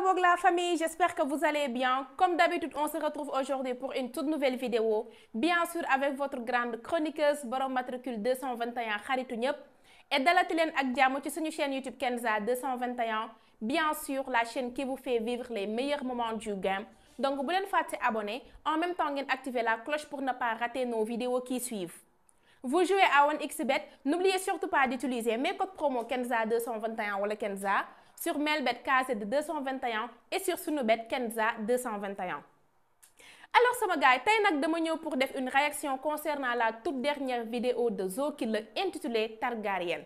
voilà la famille, j'espère que vous allez bien. Comme d'habitude, on se retrouve aujourd'hui pour une toute nouvelle vidéo. Bien sûr, avec votre grande chroniqueuse, borom matricule 221 Kharitou Et dalati ak es ci chaîne YouTube Kenza 221. Bien sûr, la chaîne qui vous fait vivre les meilleurs moments du game. Donc, vous pouvez vous abonner. En même temps, vous activer la cloche pour ne pas rater nos vidéos qui suivent. Vous jouez à 1xbet, n'oubliez surtout pas d'utiliser mes codes promo Kenza 221 ou le Kenza sur Melbet KZ de 221 et sur Sunubet Kenza 221. Alors sama gars yi tey nag pour une réaction concernant la toute dernière vidéo de Zo l'a intitulée Targaryen.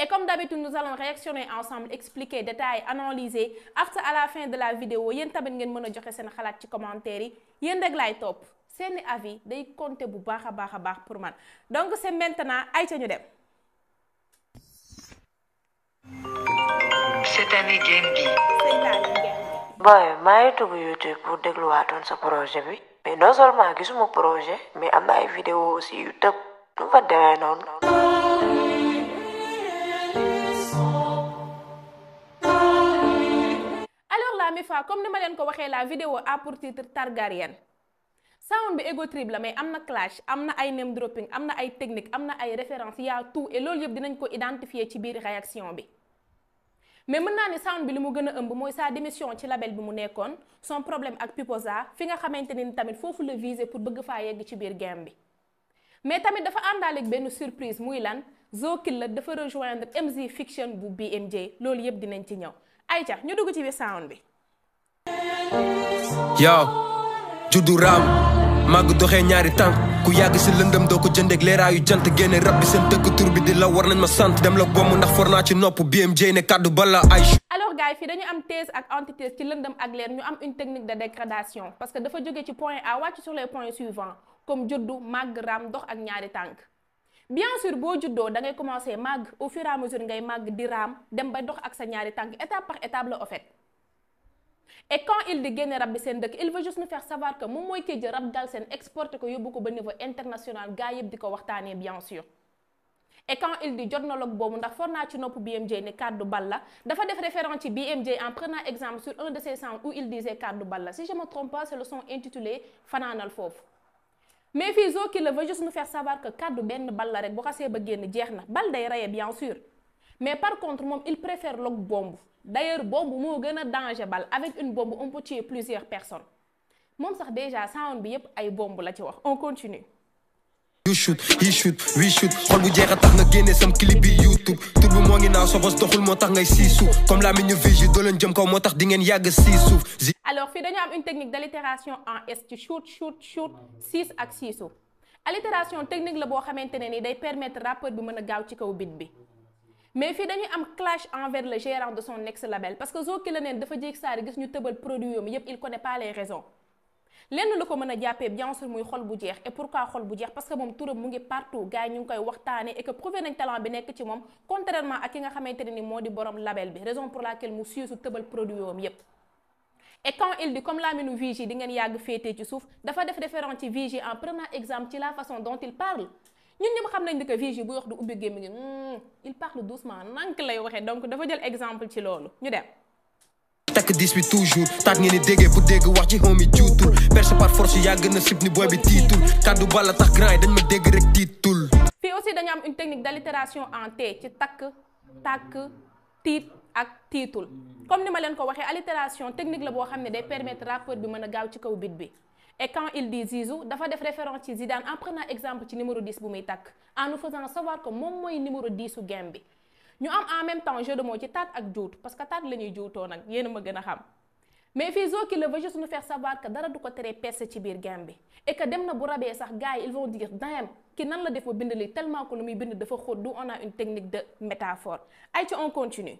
Et comme d'habitude nous allons réactionner ensemble expliquer détailler analyser Après, à la fin de la vidéo vous pouvez ngeen donner un seen xalaat ci commentaire yi yéen avis day compter bu baax a pour moi. donc c'est maintenant ayca ñu cette année Game bi. boy maa YouTube pour dégluwaatoon sa projet bi mais non seulement gisuma projet mais am na ay vidéo aussi yu tëb nu fa demee noonu. alors mi fa comme ni ma leen ko waxee la vidéo a pour titre Targaryen. sound bi ego trip la mais am na clash am na ay name dropping am na ay technique am na ay référence y tout et lool yëpp dinañ ko identifier ci biir réaction bi. mais mën naa ne sound bi li mu gën ëmb mooy sa démission ci label bi mu nekkoon son problème ak Pipoza fi nga xamante ne ni tamit foofu la visé pour bëgg faa yegg ci biir game bi mais tamit dafa àndaaleek benn surprise muy lan Zokil la dafa rejoindre MZ Fiction bu BMJ loolu yëpp dinañ ci ñëw ayca ñu dugg ci biir sound bi. yow du raam. màgg doxee ñaari tànk ku yàgg si lëndëm doo ko jëndeeg leeraayu jant génne rab bi seen dëgg tur la war nañ ma sant dem la bomm ndax for naa ci nopp BMJ ne kàddu bala ay alors gars yi fii dañu am thèse ak antithèse ci lëndëm ak leer ñu am une technique de dégradation parce que dafa jógee ci point A wàcc sur les points suivants comme juddu màgg raam dox ak ñaari tànk bien sûr boo juddoo da ngay commencer màgg au fur et à mesure ngay màgg di raam dem ba ak sa ñaari tànk étape par étape la et quand il dit que il veut juste nous faire savoir que mon qui niveau international bien sûr et quand il dit ndax BMJ ne dafa def référence ci BMJ en prenant exemple sur un de ses sons où il disait cadre bal si je me trompe pas c'est le son intitulé mais qui veut juste nous faire savoir que cadre rek bien sûr mais par contre moom il préfère loog bombe d'ailleurs bombe moo gën a danger avec une bombe on peut tuer plusieurs personnes moom sax déjà sound bi yépp ay bombe la ci wax on continue you shoot he shoot we shoot xol bu jeex a tax nga génne sam clip bi youtube Tout le monde ngi là, sa bos doxul moo tax ngay sii suuf comme la mi ñu vigi doo leen jëm kaw moo tax di ngeen yàgg sii alors fii dañu am une technique d'allitération en s ci shoot shoot shoot six ak sii allitération technique la boo à maintenir ni day permettre rappeur bi mën a gaaw ci kaw bi mais fi dañuy am clash envers le gérant de son ex label parce que Zo Killineen dafa jéeg saari gis ñu tëbal produit yom yépp il connaît pas les raisons lenn lu ko mën jappé bien sûr muy xol bu jeex et pourquoi xol bu jeex parce que mom turam mu ngi partout gaay ñu ngi koy waxtané et que prouvé nañ talent bi nekk ci mom contrairement ak ki nga xamante ne ni moo borom label bi raison pour laquelle mu siisu teubal produit yom yépp et quand il dit comme Lamine Vigie di ngeen yag fété ci souf dafa def référence ci Vigie en prenant exemple ci la façon dont il parle ñun ñëpp xam nañ ni que Vigie buy wax du ubbi gémmi gi hmm, il parle doucement nank lay waxee donc dafa jël exemple ci loolu ñu dem. takk diis bi toujours taat ngeen di déggee bu dégg wax ci homie juutul perche par force yaa gën a sib ni booy bi tiitul kàddu bala tax grand yi dañ ma dégg rek tiitul. fii aussi dañu am une technique d'allitération en T ci takk takk tiit ak tiitul comme ni ma leen ko waxee allitération technique la boo xam ne day permettre rappeur bi mën a gaaw ci kaw bit bi. et quand il dit Zizou dafa des références à Zidane en prenant exemple du numéro 10 pour en nous faisant savoir que c'est le numéro 10 de game bi Nous avons en même temps jeu de mots ci Tat ak Djout, parce que Tat la ñuy juutoo nag yéen ma mais fii qui le veut juste nous faire savoir que dara du ko teree pes ci biir et que Demna na bu rabee sax gars ils vont dire damn ki nan la def tellement que lu a une technique de métaphore ay on continue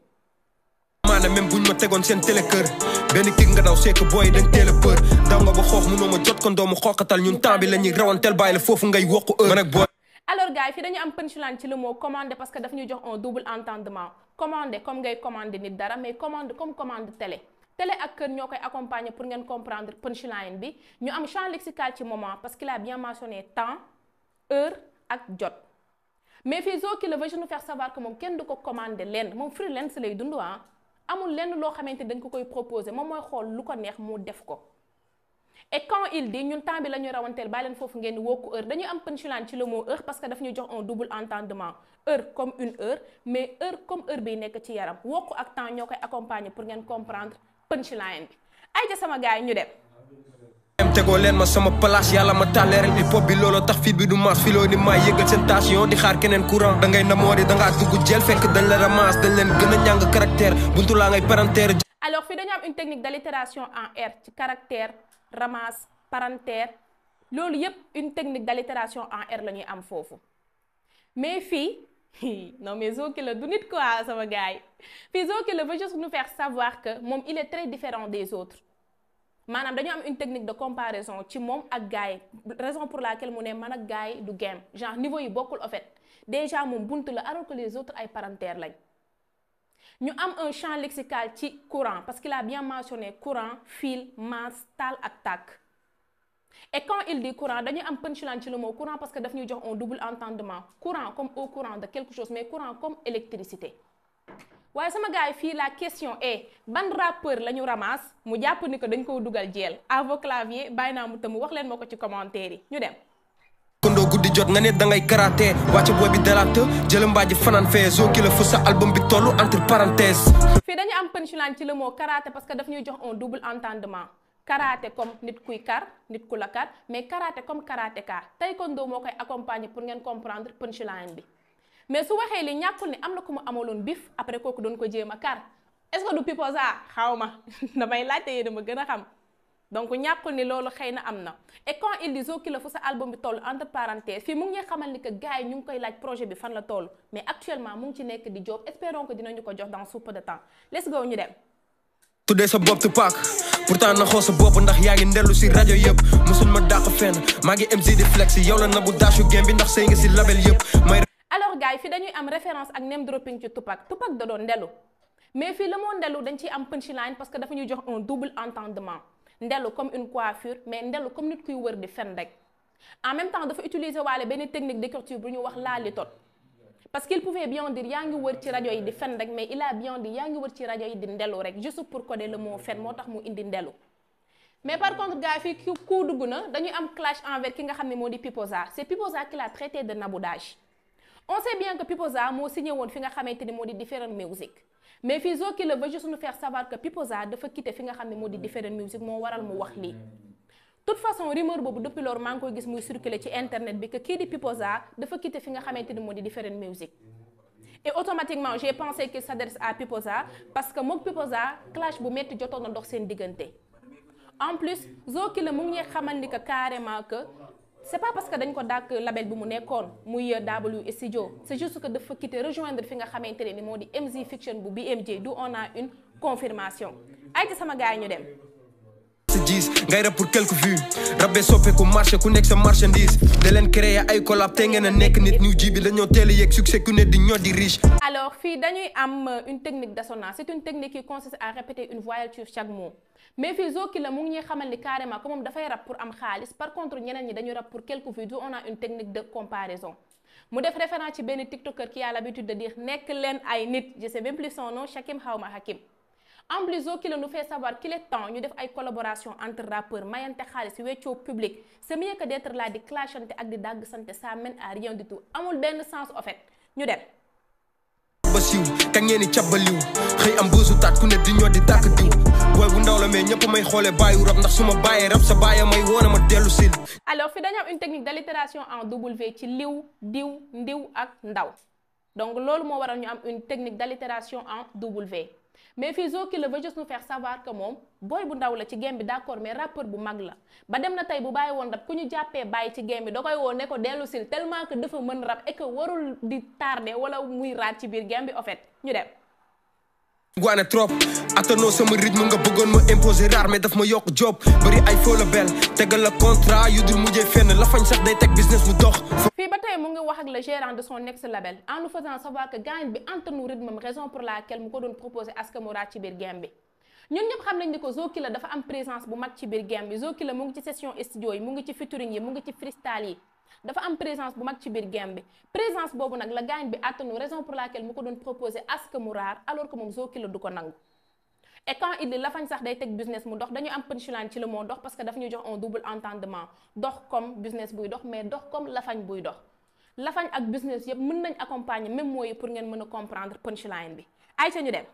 naa ne même buñ ma tegoon seen télé kër benn kii nga daw seek booy dañ teel a peur daw nga ba xoox mënoo ma jot ko doomu xooqatal ñun temps bi la ñuy bàyyi la foofu ngay wokk heure man ak booy alors gars fii dañu am punchline ci le mot commandé parce que daf ñu jox un double entendement commandé comme ngay commandé nit dara mais comme commande télé télé ak kër ñoo koy accompagner pour ngeen comprendre punchline bi ñu am champ amul lenn loo xamante dañ ko koy proposé moom mooy xool lu ko neex mu def ko et quand il dit ñun temps bi la ñuy rawanteel bàyyi leen foofu ngeen wokku heure dañuy am punchline ci le mot heure parce que daf ñu jox un double entendement heure comme une heure mais heure comme heure bi nekk ci yaram wokku ak temps ñoo koy accompagner pour ngeen comprendre punchline bi ay ca sama gars yi ñu dem m tegoo leen ma sama place yàlla ma tax leeral hip hop bi looloo tax fit bi du maas filoo ni maa leen gën a ñàng caractère buntu laa ngay parentère alors fii dañu am une technique d'allitération en R ci caractère ramasse parentère loolu yépp une technique d'allitération en R la ñuy am foofu mais fii non mais Zoki la du nit quoi sama gars yi fii Zoki juste nous faire savoir que moom il est très différent des autres manam dañu am une technique de comparaison ci mom ak raison pour laquelle mu ne man ak gaay du game genre niveau yi bokul en fait déjà nous buntu la alors que les autres ay parentère lañ ñu am un champ lexical ci courant parce qu'il a bien mentionné courant fil masse tal, ak et quand il dit courant dañu am punchline ci le mot courant parce que daf ñu jox un double entendement courant comme au courant de quelque chose mais courant comme électricité waaye sama gaay fi la question est ban rappeur lañu ramasse mu japp ni ko dañ ko duggal jeel à clavier bayna bàyyi naa mu wax len mako ci commentaire yi ñu dem. kondo guddi jot nga ne ngay karaté wàcc booy bi dalaat jël mbaaji fanan fee zo ki le fu album bi tollu entre parenthèses. fi dañu am punchline ci le mot karaté parce que daf ñuy jox un double entendement. karaté comme nit kuy kar nit ku la kar mais karaté comme karatéka taekwondo mo koy accompagner pour ngeen comprendre punchline bi. mais su waxee li ñàkkul ni am na ku mu amaloon bif après kooku doon ko jéem a kar est-ce que du piposa xaw ma damay laajte yéen dama gën a xam donc ñàkkul ni loolu xëy na am na et quand il dit Zo Kilo fu sa album bi toll entre parenthèses fii mu ngi xamal ni que gars yi ñu ngi koy laaj projet bi fan la toll mais actuellement mu ngi ci nekk di job espérons que dinañu ko jox dans sous peu de temps let's ñu dem. tuddee sa bopp sa bopp ndax yaa ngi ndellu si rajo yëpp mosul ma dàq bi ndax sëy alors gars yi fii dañuy am référence ak name dropping ci Tupac Tupac da un Ndélo. mais fi le monde est dañ ciy am punchline parce que dafa ñuy un double entendement Ndélo comme une coiffure mais Ndélo comme une kuy de di fen en même temps il faut utiliser une benn technique d'écriture bu ñu wax laali tot parce qu'il pouvait bien dire yaa ngi wër ci radio yi di fen mais il a bien dit yaa ngi wër ci radio yi di rek juste pour coder le mot fen motax mu indi Ndélo. mais par contre gars fi ku dugg na dañuy am clash envers ki nga xam modi piposa c'est piposa qui l'a traité de naboudage on sait bien que Pipoza moo signé woon fi nga xamante ni moo music mais fii Zo qui le veut juste nous faire savoir que Pipoza dafa quitté fi nga xam ne moo di différent music moo waral mu wax toute façon rumeur bobu depuis loolu maa koy gis muy circuler ci internet bi que Kidi di Pipoza dafa quitter fi nga xamante ni different music et automatiquement j'ai pensé ça adresse à Pipoza parce que mok Pipoza clash bu metti jotoon na dox seen diggante en plus Zo qui le mu ngi xamal ni que carrément que c'est pas parce que dañ ko dak label bi mu nekkoon muy W Studio c'est juste que dafa quitter rejoindre fi nga xamante ne ni modi di MZ Fiction bu BMJ du on a une confirmation ay ci sama gaay ñu dem ngay rab pour quelques vues rabbe soppeeku marché ku nekk sa marchandise De l'en créer ay collab te ngeen a nekk nit ñu jibi bi dañoo télé yek succès ku ne di ñoo di riche alors fii dañuy am une technique d'assonance c'est une technique qui consiste à répéter une voyelle sur chaque mot mais fii la mu ngi xamal ni carrément comme da fay rap pour am xaalis par contre ñeneen ñi dañu rap pour quelques vidéos, on a une technique de comparaison mu def référence ci ben tiktoker qui a l'habitude de dire nek len ay nit je sais même plus son nom Shakim Xawma Hakim en plus Zokila nous fait savoir qu'il est temps ñu def ay collaboration entre rappeurs mayante khalis weccoo public c'est mieux que d'être là de clashante ak di dag santé ça mène à rien du tout amul ben sens en fait ñu dem. xëy am bësu taat ku ne di ñoo di tàkk diw booy bu ndaw la mais ñëpp may xoolee bàyyi rab ndax su ma bàyyee rab sa bàyyi may woon ma dellu sil alors fi dañu am une technique d'allitération en W ci liw diw ndiw ak ndaw donc loolu moo waral ñu am une technique d'allitération en W mais fii Zo Killer veut juste nous faire savoir que moom booy bu ndaw la ci game bi d'accord mais rappeur bu mag la ba dem na tey bu bàyyi woon rap ku ñu jàppee bàyyi ci game bi da koy woo ne ko dellu sil tellement que dafa mën rap et que warul di tardé wala muy raat ci biir game bi en fait ñu dem. waane trop attanoo sama rythme nga bëggoon ma imposé rare mais daf ma yokk job bari ay fo le bel tegal le contrat yu di mujjé fenn la fañ sax day tek business mu dox fi ba tey mu ngi wax ak le gérant de son ex label en nous faisant savoir que gagne bi entenu rythme raison pour laquelle mu ko doon proposé Aska Mourad ci bir game bi ñun ñëpp xam nañ ni ko Zokila dafa am présence bu mag ci bir game bi Zokila mu ngi ci session studio yi mu ngi ci featuring yi mu ngi ci freestyle yi dafa am présence bu mag ci biir game bi présence boobu nag la gaañ bi attanu raison pour laquelle mu ko doon proposé ask mu raar alors que moom Zo Kilo du ko nangu et quand il dit lafañ sax day teg business mu dox dañu am punchline ci le mot dox parce que daf ñu jox un double entendement dox comme business buy dox mais dox comme lafañ buy dox lafañ ak business yëpp mën nañ accompagner même mooy pour ngeen mën a comprendre punchline bi ay ca ñu dem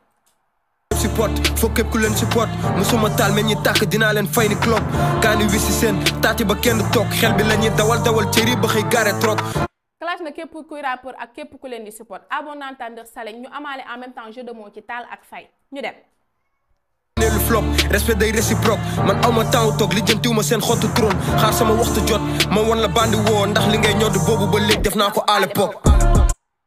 support foog képp ku leen support musuma taal mais ñi tàkk dinaa leen fay ni club kaani wisi seen taati ba kenn toog xel bi la ñuy dawal dawal cëri ba xëy gaare trop clash na képp kuy rappeur ak képp ku leen di support à bon entendeur Saleng ñu amaale en même temps jeu de mots ci taal ak fay ñu dem neelu flop respect day réciproque man awma temps toog lijjantiwuma seen xottu trône xaar sama waxtu jot ma won la bandi woo ndax li ngay ñodd boobu ba léegi def naa ko à l'époque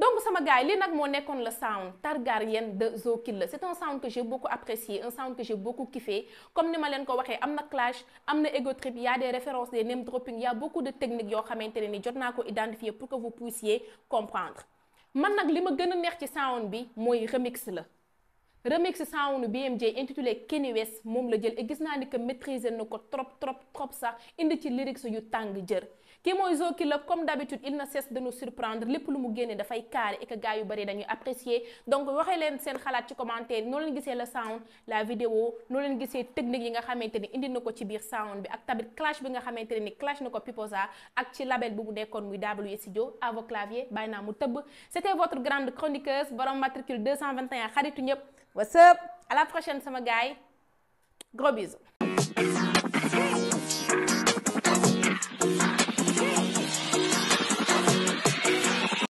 donc sama gars yi lii nag moo nekkoon la sound Targaryen de Zo Kid la c' est un sound que j'ai beaucoup apprécié un sound que j'ai beaucoup kiffé comme ni ma leen ko waxee am na clash am na ego trip y' a des références des name dropping y' a beaucoup de techniques yoo xamante ne ni jot naa ko identifier pour que vous puissiez comprendre man nag li ma gën a neex ci sound bi mooy remix la. remix sound BMJ intitulé Kenny West moom la jël et gis naa ni que maitriser na ko trop trop trop sax indi ci lyrics yu tàng jër. Témoins qui l'a comme d'habitude il ne cesse de nous surprendre lépp lu mu de faire carré et que gars yu bari dañuy apprécier donc waxee les seen xalaat ci commentaire noo leen gisee le sound la vidéo noo leen gissé technique yi nga xamante ni indi na ci biir sound bi ak tamit clash bi nga xamante ni clash na ko Pipoza ak ci label bu mu nekkoon muy W Studio à vos claviers bàyyi mu c'était votre grande chroniqueuse borom matricule 221 xaritu ñëpp what's up à la prochaine sama gars gros bisous